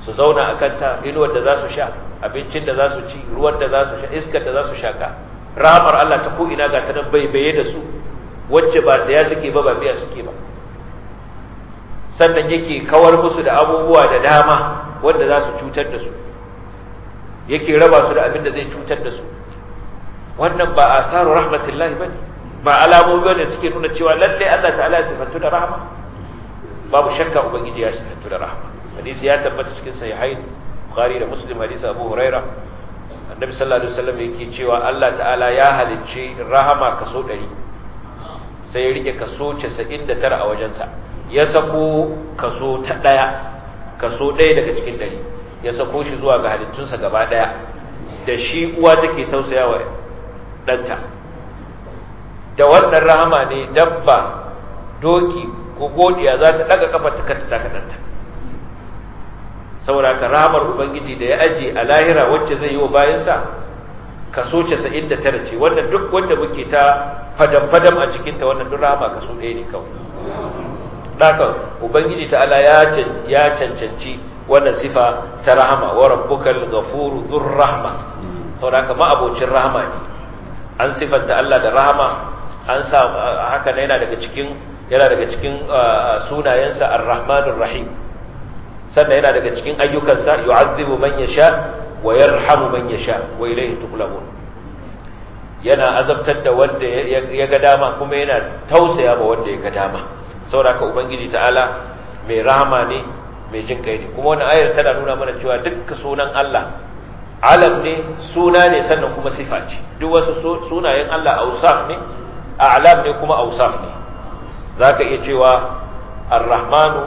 su zauna a kanta inuwar da za su sha abincin da za su ci ruwan da za su sha iskar da za su shaka rahamar Allah ta ko'ina ga ta nan baibaye da su wacce ba saya suke ba ba biya suke ba sannan yake kawar musu da abubuwa da dama wanda za su cutar da su yake raba su da abin da zai cutar da su wannan ba a tsaro rahmatullahi ba ne, ba alamomi wanda suke nuna cewa lalle Allah ta'ala Ya sifantu da rahama babu shakka ubangiji ya shidantu da rahama hadisi ya tabbata cikin sahihain bukhari da muslim hadisi abu huraira annabi sallallahu alaihi wasallam yake cewa Allah ta'ala ya halicci rahama kaso 100 sai ya rike kaso 99 a wajensa ya sako kaso ta daya kaso daya daga cikin 100 ya sako shi zuwa ga sa gaba daya da shi uwa take tausayawa danta da wannan rahama ne dabba doki ko godiya za ta daga kafa ta kanta takadanta saboda ka ramar ubangiji da ya aji a lahira wacce zai yi wa bayansa kaso 99 ce wannan duk wanda muke ta fadam fadam a cikinta wannan duk rama kaso ɗaya ne kawai daka ubangiji ta Ala ya cancanci wannan sifa ta rahama wa rabbukal ghafuru zur rahama saboda ka ma abocin rahama ne an sifanta Allah da rahama an sa haka yana daga cikin yana daga cikin ah, ah, sunayensa ar-rahmanur rahim sannan yana daga cikin ayyukansa yu'azzibu man yasha wa yarhamu man yasha wa ilayhi tuqlabun yana azabtar da wanda ya ga dama kuma yana tausaya ma wanda ya ga dama saboda ubangiji ta'ala mai rahama ne mai jin kai ne kuma wannan ayar tana nuna mana cewa dukkan sunan Allah alam ne suna ne sannan kuma sifa ce duk wasu sunayen Allah ausaf ne a'lam ne kuma ausaf ne za ka iya cewa arrahmanu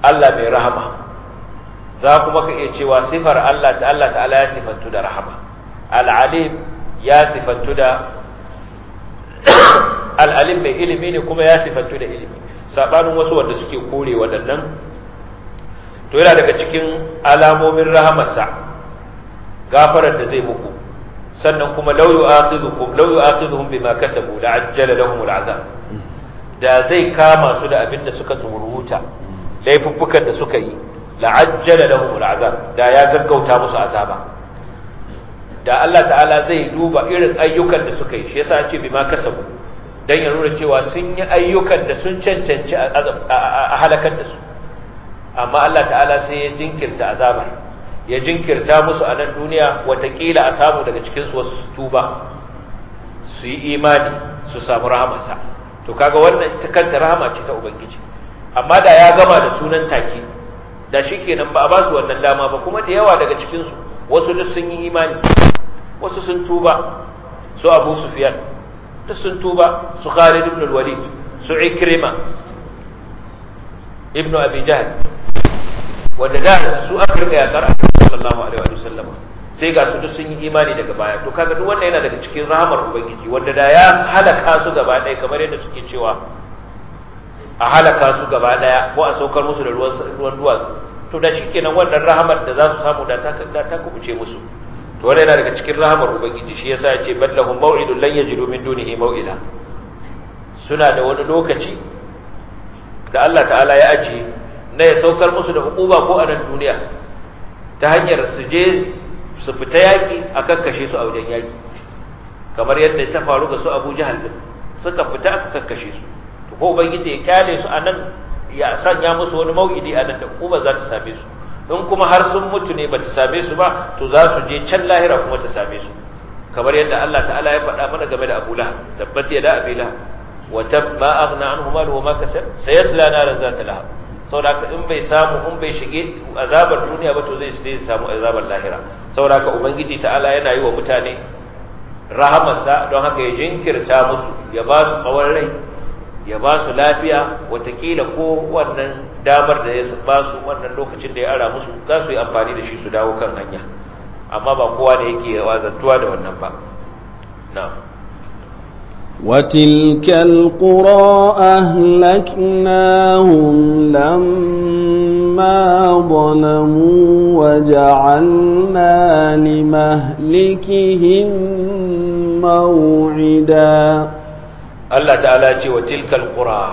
Allah mai rahama za kuma ka iya cewa sifar Allah ta Allah ta'ala ya sifantu da rahama al'alim ya sifantu da al'alim mai ilimi ne kuma ya sifantu da ilimi saɓanin wasu wanda suke kore waɗannan to yana daga cikin alamomin rahamarsa gafarar da zai muku sannan kuma lauyu akhizuhum lauyu akhizuhum bima kasabu la'ajjala lahum al'azab da zai kama su da abin da suka tsuruta laifuffukan da suka yi la'ajjala lahum al'azab da ya gaggauta musu azaba da Allah ta'ala zai duba irin ayyukan da suka yi shi yasa ce bima kasabu dan ya rura cewa sun yi ayyukan da sun cancanci a halakar da su amma Allah ta'ala sai ya jinkirta azabar ya jinkirta musu a nan duniya watakila a samu daga cikinsu wasu su tuba su yi imani su samu rahamarsa to kaga wannan ita kanta rahama ce ta ubangiji amma da ya gama da sunan take da shikenan ba a ba su wannan dama ba kuma da yawa daga cikin su wasu duk sun yi imani wasu sun tuba su Abu Sufyan duk sun tuba su Khalid ibn al-Walid su Ikrima ibn Abi Jahl wanda da su aka rika tsara sallallahu alaihi wa sallam sai ga su duk sun yi imani daga baya to kaga duk wannan yana daga cikin rahamar ubangiji wanda da ya halaka su gaba ɗaya kamar yadda suke cewa a halaka su gaba ɗaya ko a saukar musu da ruwan ruwan duwatsu to da shi kenan wannan rahamar da za su samu da ta da ta kubuce musu to wannan yana daga cikin rahamar ubangiji shi yasa yace ballahum maw'idun lan yajidu min dunihi maw'ida suna da wani lokaci da Allah ta'ala ya ajiye na ya saukar musu da hukuma ko a nan duniya ta hanyar su je su fita yaƙi a kakkashe su a wajen yaƙi kamar yadda ta faru ga su abu jihar ɗin suka fita aka kakkashe su to ko ubangiji ya kyale su a nan ya sanya musu wani mau'idi a nan da kuma za ta same su in kuma har sun mutu ne ba ta same su ba to za su je can lahira kuma ta same su kamar yadda Allah ta'ala ya faɗa mana game da Abu Lahab tabbati da Abi Lahab wa tabba aghna anhu maluhu ma kasab sayasla zata lahab saboda in bai samu in bai shige azabar duniya ba to zai zai samu azabar lahira saboda ka ubangiji ta'ala yana yi wa mutane rahamarsa don haka ya jinkirta musu ya ba su kawar rai ya ba su lafiya watakila ko wannan damar da ya ba su wannan lokacin da ya ara musu za su yi amfani da shi su dawo kan hanya amma ba kowa ne yake wazantuwa da wannan ba na'am
وتلك القرى أهلكناهم لما ظلموا وجعلنا لمهلكهم موعدا
الله تعالى وتلك القرى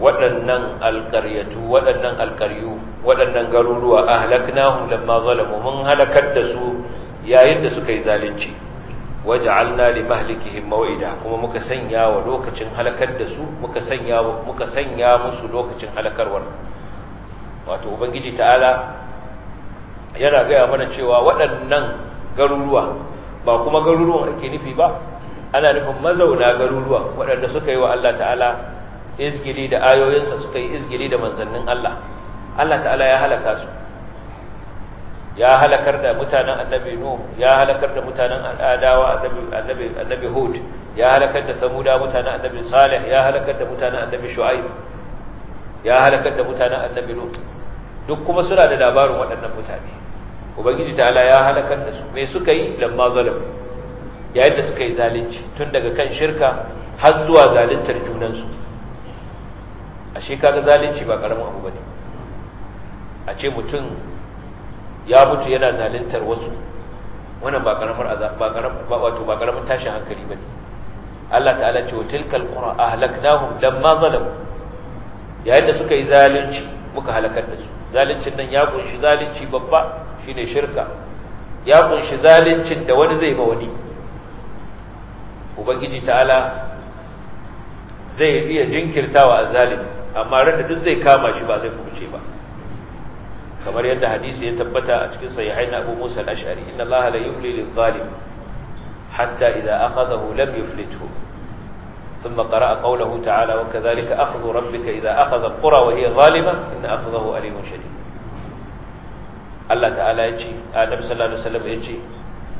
waɗannan alƙaryatu waɗannan alkaryu waɗannan garuruwa ahlaknahum lamma zalamu mun halakar da su yayin da suka yi zalunci waj'alna li mahlikihim maw'ida kuma muka sanya wa lokacin halakar da su muka sanya muka sanya musu lokacin halakarwar wato ubangiji ta'ala yana gaya mana cewa waɗannan garuruwa ba kuma garuruwan ake nufi ba ana nufin mazauna garuruwa waɗanda suka yi wa Allah ta'ala izgili da ayoyinsa suka yi izgili da manzannin Allah Allah ta'ala ya halaka su ya halakar da mutanen annabi nuh ya halakar da mutanen adawa annabi annabi annabi hud ya halakar da samuda mutanen annabi salih ya halakar da mutanen annabi shu'aib ya halakar da mutanen annabi lut duk kuma suna da labarin waɗannan mutane ubangiji ta'ala ya halakar da su me suka yi lamma zalim yayin da suka yi zalunci tun daga kan shirka har zuwa zaluntar junansu ashe kaga zalunci ba karamin abu bane a ce mutum ya mutu yana zaluntar wasu wannan ba karamar ba wato ba karamin tashin hankali bane Allah ta'ala ce wa tilkal qura ahlaknahum lamma zalam yayin da suka yi zalunci muka halakar da su zaluncin nan ya kunshi zalunci babba shine shirka ya kunshi zaluncin da wani zai ba wani ubangiji ta'ala zai iya jinkirtawa azzalimi amma ran da duk zai kama shi ba zai kubuce ba kamar yadda hadisi ya tabbata a cikin sahihain Abu Musa al-Ash'ari inna Allah la yumli lil-zalim hatta idha akhadhahu lam yuflithu thumma qara'a qawluhu ta'ala wa kadhalika akhdhu rabbika idha akhadha al-qura wa hiya zalima inna akhdahu alimun shadid Allah ta'ala ya ce Adam sallallahu alaihi wasallam ya ce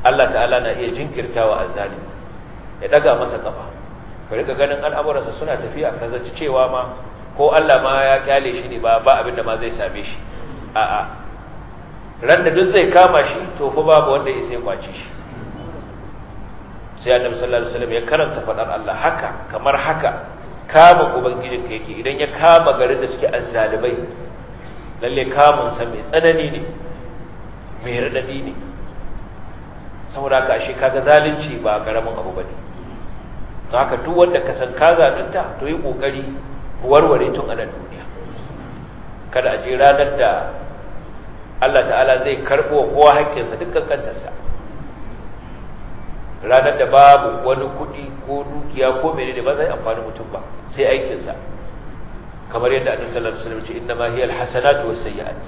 Allah ta'ala na iya jinkirtawa azzalim ya daga masa kafa ka rika ganin al'amuransa suna tafiya kaza cewa ma ko Allah ma ya kyale shi ne ba ba abin ma zai same shi a'a ran da duk zai kama shi to fa babu wanda ya sai kwace shi sai annabi sallallahu alaihi wasallam ya karanta fadar Allah haka kamar haka kama ubangijin ka yake idan ya kama garin da suke azzalibai lalle kamun sa mai tsanani ne mai radadi ne saboda ka shi kaga zalunci ba karamin abu bane to haka duk wanda ka san ka zalunta to yi kokari warware tun a nan duniya kada a je ranar da Allah ta'ala zai karbo kowa haƙƙinsa dukkan kantarsa ranar da babu wani kuɗi ko dukiya ko mene ne ba zai amfani mutum ba sai aikinsa kamar yadda annabi sallallahu alaihi wasallam ce inna ma hiya alhasanatu wasayyi'at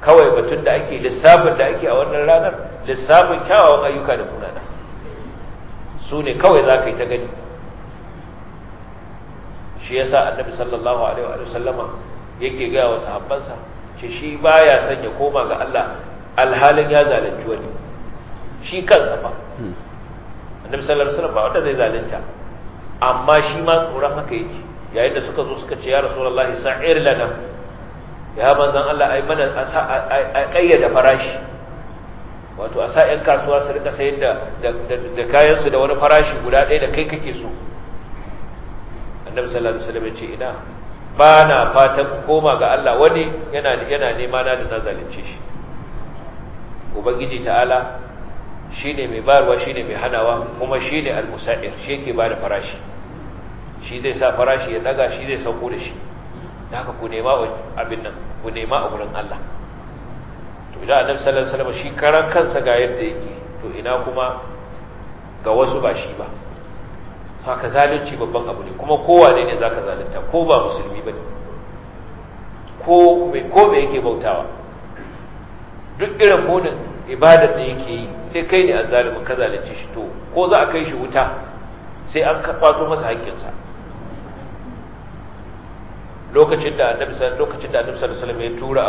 kawai batun da ake lissafin da ake a wannan ranar lissafin kyawawan ayyuka da munana su ne kawai za ka yi ta gani shi yasa annabi sallallahu alaihi wasallama yake gaya wa sahabbansa ce shi ba son ya koma ga Allah alhalin ya zalunci wani shi kansa ba hmm. annabi sallallahu alaihi wasallam ba wanda zai zalunta amma shi ma tsoron haka yake yayin da suka zo suka ce ya rasulullahi sa'ir lana ya manzon Allah ai mana a kayyada farashi wato a sa 'yan kasuwa su rika sayar da da kayan su da wani farashi guda ɗaya da kai kake so annabi sallallahu alaihi wasallam ya ce ina ba na fatan koma ga Allah wani yana nema na da na zalunce shi ubangiji ta'ala shi ne mai barwa shi ne mai hanawa kuma shi ne al-musa'ir shi yake ba da farashi shi zai sa farashi ya daga shi zai sauko da shi da haka ku nema abin nan ku nema a wurin Allah to idan annabi sallallahu alaihi wasallam shi karan kansa ga yadda yake to ina kuma ga wasu ba shi ba haka zalunci babban abu ne kuma kowa ne ne za ka zalunta ko ba musulmi ba ne ko me yake bautawa duk irin munin ibadar da yake yi dai kai ne a zalimin ka zalunci shi to ko za a kai shi wuta sai an kwato masa haƙƙinsa lokacin da annabi lokacin da annabi sallallahu alaihi wasallam ya tura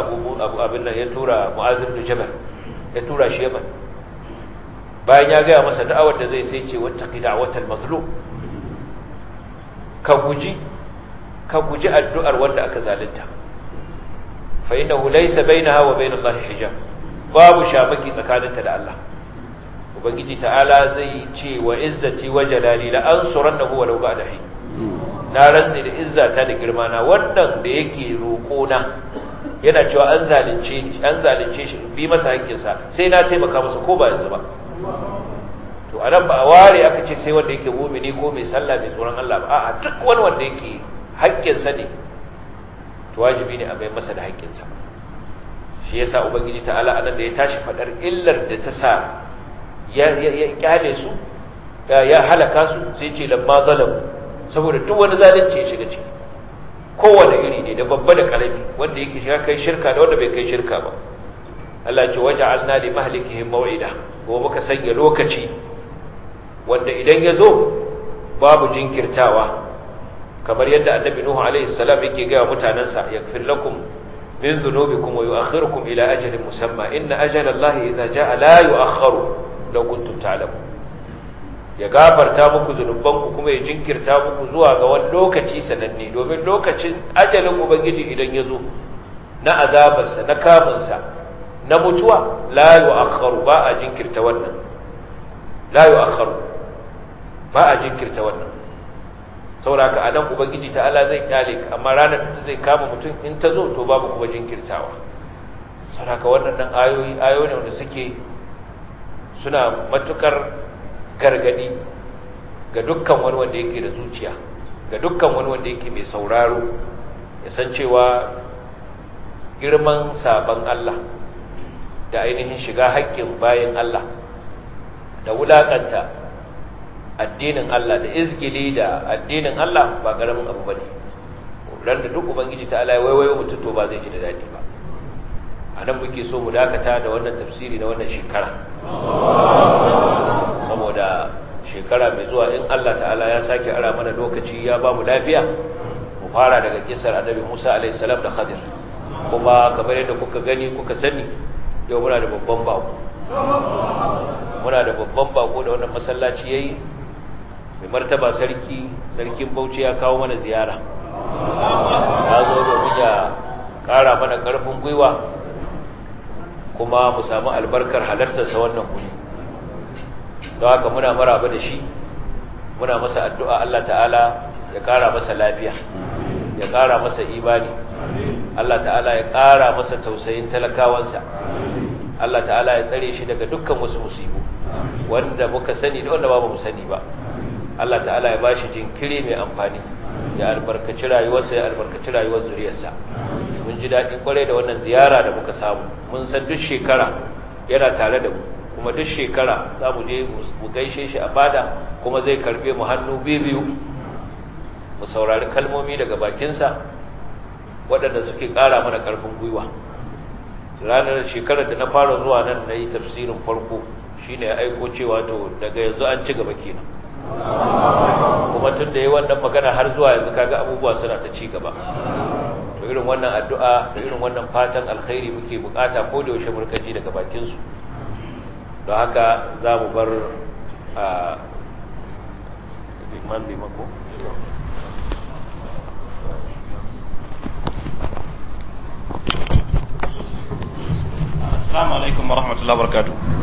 abu abin nan ya tura mu'az ibn jabal ya tura shi yaman bayan ya gaya masa da'awar da zai sai ce wata qida'atul mazlum ka guji addu'ar wanda aka zalunta fa bai laysa bainaha wa bainallahi hijab babu shamaki tsakaninta da Allah ubangiji ta'ala zai ce wa izzati wa jalali la na huwa law ba'da hin na rantsi da izzata da girma na wannan da yake roƙo na yana cewa an zalunce ni an shi bi masa hankinsa, sai na taimaka masa ko ba yanzu ba to a nan ba a ware aka ce sai wanda yake mu'mini ko mai sallah mai tsoron Allah ba a'a duk wani wanda yake haƙƙinsa ne to wajibi ne a bai masa da haƙƙinsa shi yasa ubangiji ala anan da ya tashi faɗar illar da ta sa ya kyale su ya halaka su sai ce lamma zalamu saboda duk wani zalunci ya shiga ciki kowane iri ne da babba da karami wanda yake shiga kai shirka da wanda bai kai shirka ba Allah ce waja'alna li mahlikihim maw'ida ko muka sanya lokaci wanda idan ya zo babu jinkirtawa kamar yadda annabi nuhu alaihi salam yake ga mutanansa yakfir lakum min dhunubikum wa yu'akhirukum ila ajalin musamma inna ajalallahi idza jaa la yu'akhkharu law kuntum ta'lamun ya gafarta muku zunubanku kuma ya jinkirta muku zuwa ga wani lokaci sananne domin lokacin ajalin ubangiji idan ya zo na azabarsa na kamunsa na mutuwa la yu'akhkharu ba a jinkirta wannan la yu'akhkharu ba a jinkirta wannan sauraka a nan ubangiji ta Allah zai kyale ka amma ranar da zai kama mutum in ta zo to babu kuma jinkirtawa sauraka wannan nan ayoyi ayoyi ne wanda suke suna matukar gargadi ga dukkan wani wanda yake da zuciya ga dukkan wani wanda yake mai sauraro ya san cewa girman sabon Allah da ainihin shiga haƙƙin bayan Allah da wulaƙanta addinin Allah da izgili da addinin Allah ba garamin abu ba ne. ran da duk ubangiji ta ala ya mutum to ba zai ji da daɗi ba nan muke so mu dakata da wannan tafsiri na wannan shekara saboda shekara mai zuwa in Allah ta'ala ya sake ara mana lokaci ya ba mu lafiya mu fara daga kisar annabi Musa alaihi da Khadir kuma kamar yadda kuka gani kuka sani yau muna da babban bako muna da babban bako da wannan masallaci ya yi. mai martaba sarki sarkin bauchi ya kawo mana ziyara ya zo domin ya ƙara mana ƙarfin gwiwa kuma mu samu albarkar halartarsa wannan guri don haka muna maraba da shi muna masa addu'a Allah ta'ala ya ƙara masa lafiya ya ƙara masa imani Allah ta'ala ya ƙara masa tausayin talakawansa Allah ta'ala ya tsare shi daga dukkan wasu musibu wanda muka sani da wanda ba mu sani ba Allah ta'ala ya bashi jinkiri mai amfani ya albarkaci rayuwarsa ya albarkaci rayuwar zuriyarsa mun ji daɗi kwarai da wannan ziyara da muka samu mun san duk shekara yana tare da mu kuma duk shekara za mu je mu gaishe shi a bada kuma zai karbe mu hannu biyu mu saurari kalmomi daga bakinsa waɗanda suke ƙara mana ƙarfin gwiwa ranar shekarar da na fara zuwa nan na yi tafsirin farko shine aiko cewa to daga yanzu an ci gaba kenan kuma tun da yi wannan magana har zuwa yanzu kaga abubuwa suna ta ci gaba to irin wannan addu'a da irin wannan fatan alkhairi muke bukata ko da yaushe murkaji daga bakinsu, su don haka za mu bar a liman liman ko Assalamu alaikum warahmatullahi wabarakatuh